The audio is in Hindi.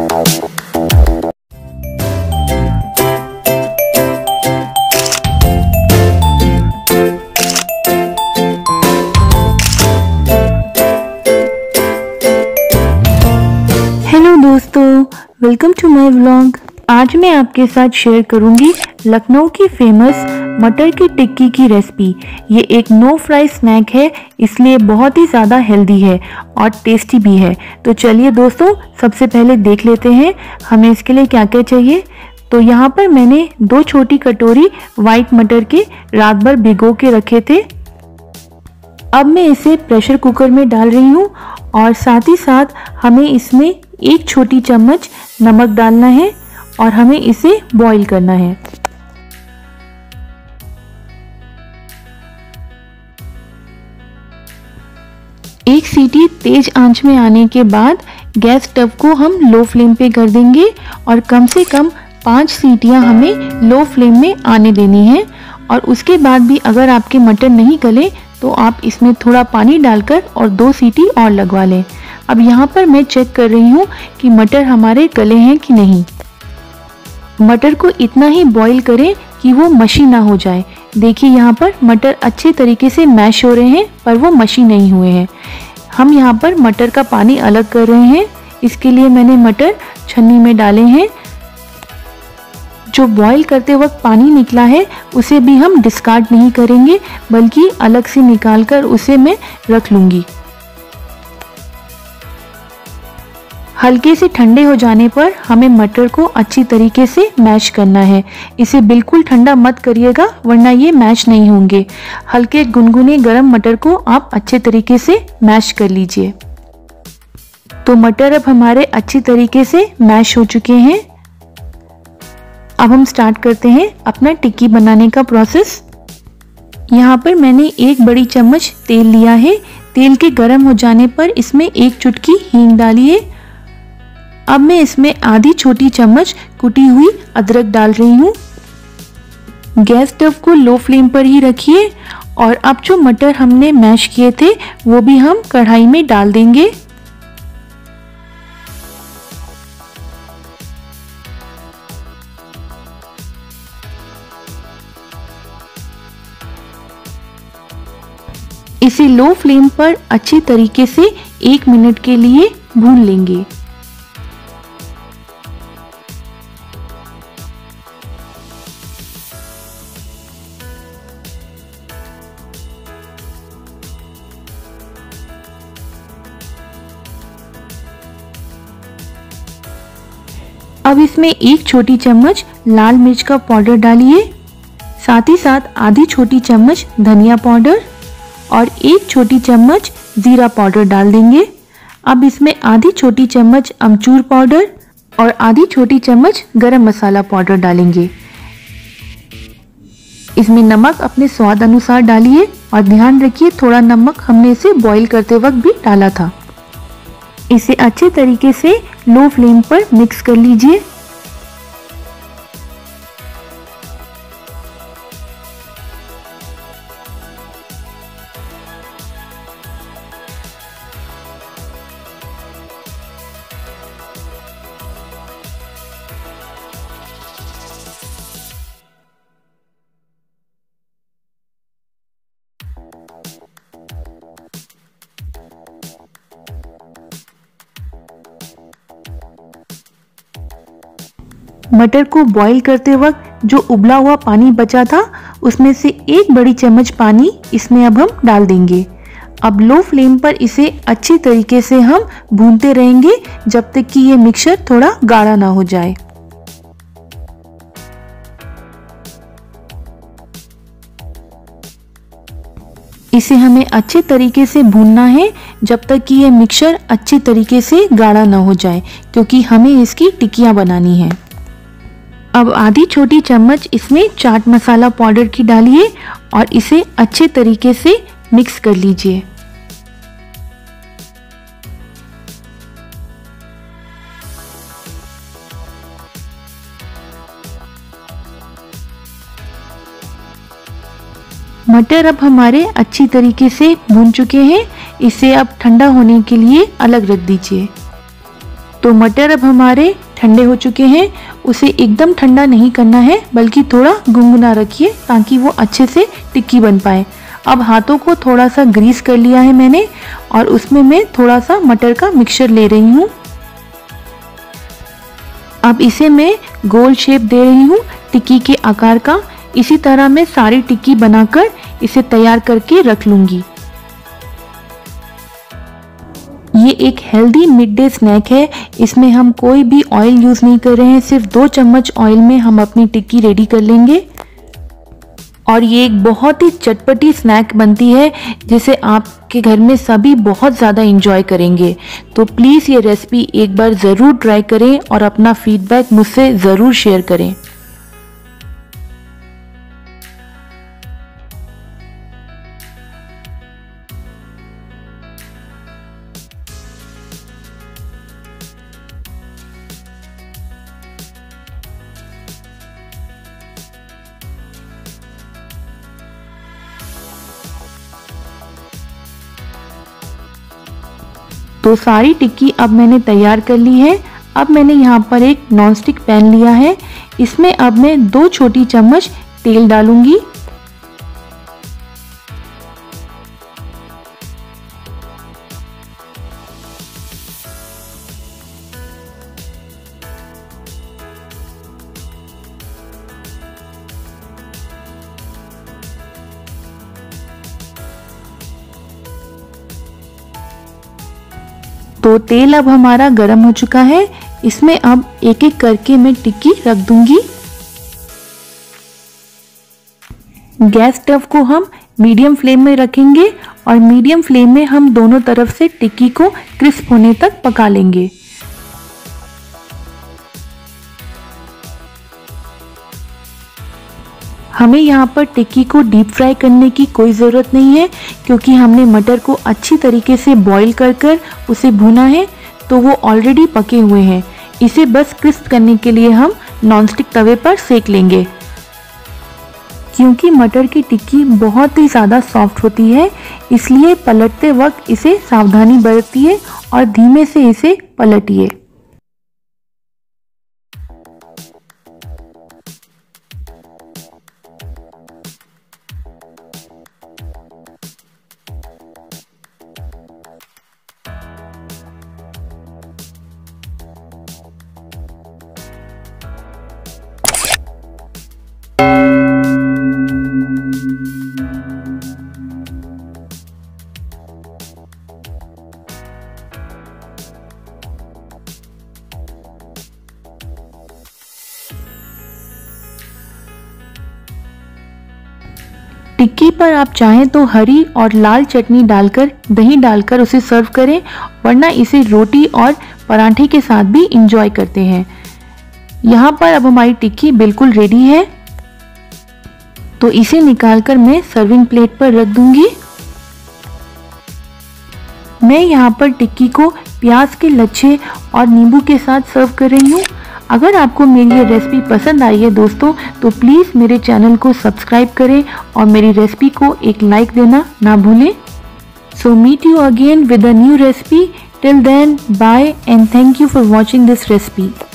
हेलो दोस्तों वेलकम टू माय व्लॉग आज मैं आपके साथ शेयर करूंगी लखनऊ की फेमस मटर की टिक्की की रेसिपी ये एक नो फ्राई स्नैक है इसलिए बहुत ही ज़्यादा हेल्दी है और टेस्टी भी है तो चलिए दोस्तों सबसे पहले देख लेते हैं हमें इसके लिए क्या क्या चाहिए तो यहाँ पर मैंने दो छोटी कटोरी वाइट मटर के रात भर भिगो के रखे थे अब मैं इसे प्रेशर कुकर में डाल रही हूँ और साथ ही साथ हमें इसमें एक छोटी चम्मच नमक डालना है और हमें इसे बॉईल करना है एक सीटी तेज आंच में आने के बाद गैस टब को हम लो फ्लेम पे कर देंगे और कम से कम पांच सीटियां हमें लो फ्लेम में आने देनी है और उसके बाद भी अगर आपके मटन नहीं गले तो आप इसमें थोड़ा पानी डालकर और दो सीटी और लगवा लें अब यहाँ पर मैं चेक कर रही हूँ कि मटर हमारे गले हैं कि नहीं मटर को इतना ही बॉईल करें कि वो मशी ना हो जाए देखिए यहाँ पर मटर अच्छे तरीके से मैश हो रहे हैं पर वो मशी नहीं हुए हैं हम यहाँ पर मटर का पानी अलग कर रहे हैं इसके लिए मैंने मटर छन्नी में डाले हैं जो बॉईल करते वक्त पानी निकला है उसे भी हम डिस्कार्ड नहीं करेंगे बल्कि अलग से निकाल कर उसे मैं रख लूँगी हल्के से ठंडे हो जाने पर हमें मटर को अच्छी तरीके से मैश करना है इसे बिल्कुल ठंडा मत करिएगा वरना ये मैश नहीं होंगे हल्के गुनगुने गरम मटर को आप अच्छे तरीके से मैश कर लीजिए तो मटर अब हमारे अच्छी तरीके से मैश हो चुके हैं अब हम स्टार्ट करते हैं अपना टिक्की बनाने का प्रोसेस यहाँ पर मैंने एक बड़ी चम्मच तेल लिया है तेल के गर्म हो जाने पर इसमें एक चुटकी हींग डालिए अब मैं इसमें आधी छोटी चम्मच कुटी हुई अदरक डाल रही हूँ गैस स्टव को लो फ्लेम पर ही रखिए और अब जो मटर हमने मैश किए थे वो भी हम कढ़ाई में डाल देंगे इसे लो फ्लेम पर अच्छी तरीके से एक मिनट के लिए भून लेंगे अब इसमें एक छोटी चम्मच लाल मिर्च का पाउडर डालिए साथ ही साथ आधी छोटी चम्मच धनिया पाउडर और एक छोटी चम्मच ज़ीरा पाउडर डाल देंगे अब इसमें आधी छोटी चम्मच अमचूर पाउडर और आधी छोटी चम्मच गरम मसाला पाउडर डालेंगे इसमें नमक अपने स्वाद अनुसार डालिए और ध्यान रखिए थोड़ा नमक हमने इसे बॉईल करते वक्त भी डाला था इसे अच्छे तरीके से लो फ्लेम पर मिक्स कर लीजिए मटर को बॉईल करते वक्त जो उबला हुआ पानी बचा था उसमें से एक बड़ी चम्मच पानी इसमें अब हम डाल देंगे अब लो फ्लेम पर इसे अच्छी तरीके से हम भूनते रहेंगे जब तक कि ये मिक्सचर थोड़ा गाढ़ा ना हो जाए इसे हमें अच्छे तरीके से भूनना है जब तक कि ये मिक्सचर अच्छे तरीके से गाढ़ा ना हो जाए क्योंकि हमें इसकी टिकियाँ बनानी है अब आधी छोटी चम्मच इसमें चाट मसाला पाउडर की डालिए और इसे अच्छे तरीके से मिक्स कर लीजिए मटर अब हमारे अच्छी तरीके से भून चुके हैं इसे अब ठंडा होने के लिए अलग रख दीजिए तो मटर अब हमारे ठंडे हो चुके हैं उसे एकदम ठंडा नहीं करना है बल्कि थोड़ा गुनगुना रखिए ताकि वो अच्छे से टिक्की बन पाए अब हाथों को थोड़ा सा ग्रीस कर लिया है मैंने और उसमें मैं थोड़ा सा मटर का मिक्सचर ले रही हूँ अब इसे मैं गोल शेप दे रही हूँ टिक्की के आकार का इसी तरह मैं सारी टिक्की बनाकर इसे तैयार करके रख लूँगी ये एक हेल्दी मिड डे स्नैक है इसमें हम कोई भी ऑयल यूज़ नहीं कर रहे हैं सिर्फ दो चम्मच ऑयल में हम अपनी टिक्की रेडी कर लेंगे और ये एक बहुत ही चटपटी स्नैक बनती है जिसे आपके घर में सभी बहुत ज़्यादा इंजॉय करेंगे तो प्लीज़ ये रेसिपी एक बार ज़रूर ट्राई करें और अपना फीडबैक मुझसे ज़रूर शेयर करें तो सारी टिक्की अब मैंने तैयार कर ली है अब मैंने यहाँ पर एक नॉनस्टिक पैन लिया है इसमें अब मैं दो छोटी चम्मच तेल डालूंगी तो तेल अब हमारा गर्म हो चुका है इसमें अब एक एक करके मैं टिक्की रख दूंगी गैस स्टव को हम मीडियम फ्लेम में रखेंगे और मीडियम फ्लेम में हम दोनों तरफ से टिक्की को क्रिस्प होने तक पका लेंगे हमें यहाँ पर टिक्की को डीप फ्राई करने की कोई ज़रूरत नहीं है क्योंकि हमने मटर को अच्छी तरीके से बॉईल कर कर उसे भुना है तो वो ऑलरेडी पके हुए हैं इसे बस क्रिस्प करने के लिए हम नॉनस्टिक तवे पर सेक लेंगे क्योंकि मटर की टिक्की बहुत ही ज़्यादा सॉफ्ट होती है इसलिए पलटते वक्त इसे सावधानी बरतिए और धीमे से इसे पलटिए टिक्की पर आप चाहें तो हरी और लाल चटनी डालकर दही डालकर उसे सर्व करें वरना इसे रोटी और पराठे के साथ भी इंजॉय करते हैं यहाँ पर अब हमारी टिक्की बिल्कुल रेडी है तो इसे निकालकर मैं सर्विंग प्लेट पर रख दूंगी मैं यहाँ पर टिक्की को प्याज के लच्छे और नींबू के साथ सर्व कर रही हूँ अगर आपको मेरी ये रेसिपी पसंद आई है दोस्तों तो प्लीज़ मेरे चैनल को सब्सक्राइब करें और मेरी रेसिपी को एक लाइक देना ना भूलें so meet you again with a new recipe till then bye and thank you for watching this recipe